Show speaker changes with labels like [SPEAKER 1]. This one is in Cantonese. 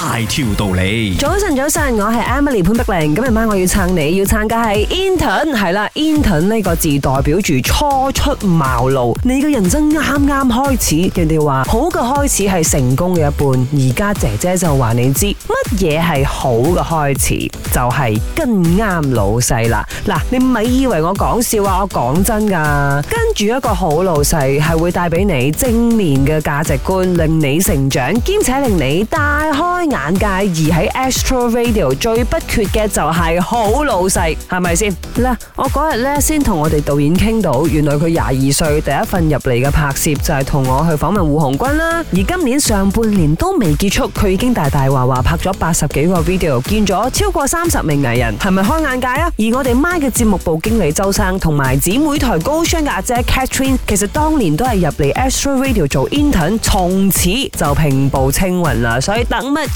[SPEAKER 1] 大條道理。早晨，早晨，我係 Emily 潘碧玲。今日晚我要撐你，要撐嘅係 Intern 係啦。Intern 呢個字代表住初出茅廬，你嘅人生啱啱開始。人哋話好嘅開始係成功嘅一半，而家姐姐就話你知乜嘢係好嘅開始，就係跟啱老細啦。嗱，你唔係以為我講笑話，我講真噶。跟住一個好老細，係會帶俾你正面嘅價值觀，令你成長，兼且令你大開眼界。而喺 Astro Radio 最不缺嘅就係好老細，係咪先？嗱，我嗰日咧先同我哋導演傾到，原來佢廿二歲第一份入嚟嘅拍攝就係、是、同我去訪問胡鴻鈞啦。而今年上半年都未結束，佢已經大大話話拍咗八十幾個 video，見咗超過三十名藝人，係咪開眼界啊？而我哋 MY 嘅節目部經理周生同埋姊妹台高商嘅阿姐 Catherine，其實當年都係入嚟 Astro Radio 做 intern，從此就平步青雲啦。所以等乜？